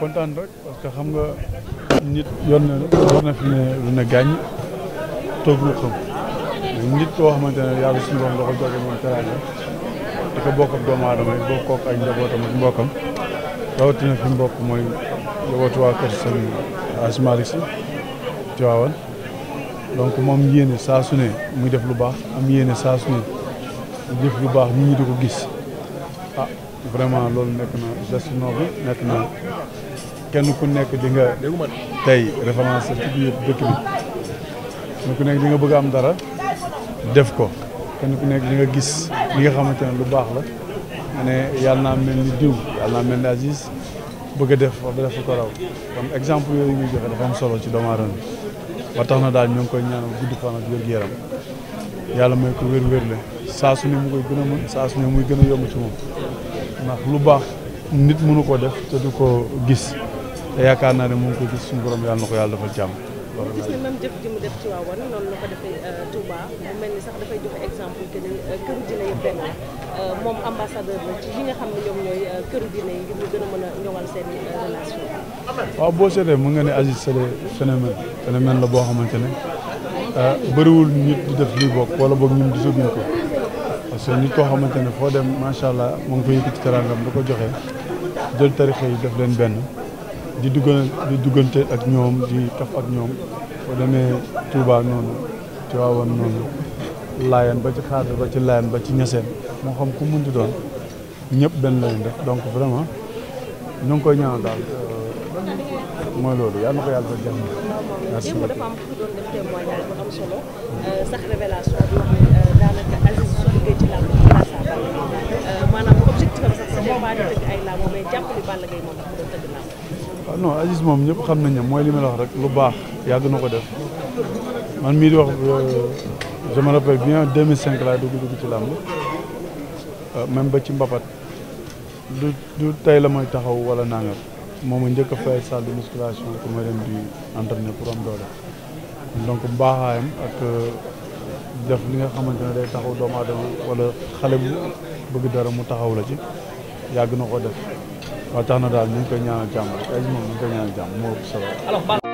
kontaan rek parce que xam nga nit yor na yor na ne lu ne gàññ toog lu xam nit koo xamante ne yàlla suñu borom da ko joxe moom teraanga di ko bokk ak doomu aadama yi bokk kook ak njabootam ak mbokkam rawatina fi mbokk mooy njabootu waa kër sëñ Asmalik moom yéene saa su ne lu baax am yéene saa su baax nit ko gis ah vraiment loolu nekk na geste noble nekk na kenn ku nekk di nga tey référence ci biir dëkk nekk di nga bëgg am dara def ko kenn ku nekk di nga gis li nga xamante ne lu baax la nga ne yàlla naa mel ni diw yàlla naa mel ni Aziz bëgg a def ba def ko raw comme exemple yooyu muy joxe dafa am solo ci doomu aadama ba tax na daal ñoo ngi koy ñaanal gudd fan ak yaram yàlla may ko wér-wér la saa su ne mu koy gën a mën saa su ne muy gën a yomb ci moom ndax lu baax nit mënu ko def te du ko gis te yaakaar naa ne mu ngi ko gis suñu borom yàlla na ko yàlla defal jàmm. ñu gis ne même jëf ji mu def ci Tiwaawan noonu la ko defee euh, Touba mu mel ni sax dafay joxe exemple que ni euh, këru diine yi benn euh, moom ambassadeur la ci yi nga xam ne ñoom ñooy këru diine yi ngir ñu gën a mën a ñoŋal seen i relation waaw boo seetee mën nga ne Aziz c'est phénomène phénomène la boo xamante ne bëriwul nit di def lii bokk wala boog ñun gisaguñ ko parce que nit koo xamante ne foo dem macha allah mu ngi ko yëkkati ci teraangam da ko joxe jël tarixa yi def leen benn. di dugg di duggante ak ñoom di kaf ak ñoom boo demee Touba noonu Tiwaawan noonu Laayeen ba ci Xaadir ba ci Laayeen ba ci Ñaseen moo xam ku mun di doon ñëpp benn lañ def donc vraiment ñu koy ñaanal daal euh, mooy loolu yàlla na ko yàlla defal jàmm. merci beaucoup démb dafa def témoignage euh, ne euh, tëgg ay làmb mais jàpp ni Balla Gaye moom dafa doon tëgg làmb. waaw ah, non Aziz moom ñëpp xam nañ ne mooy li ma la wax rek lu baax yàgg na ko def man mii di wax euh, je me rappelle bien 2005 laa dugg dugg ci làmb euh, même ba ci mbapat du du tey la may taxaw wala nangam moom njëkk a fay salle de musculation pour ma dem di entraîner pour am doole donc mbaaxaayam ak euh, def li nga xamante ne day taxaw doomu aadama wala xale bu bëgg dara mu taxaw la ci yàgg na ko def waaw tax na daal ñu ngi koy a jàmm rek ay moom ñu ngi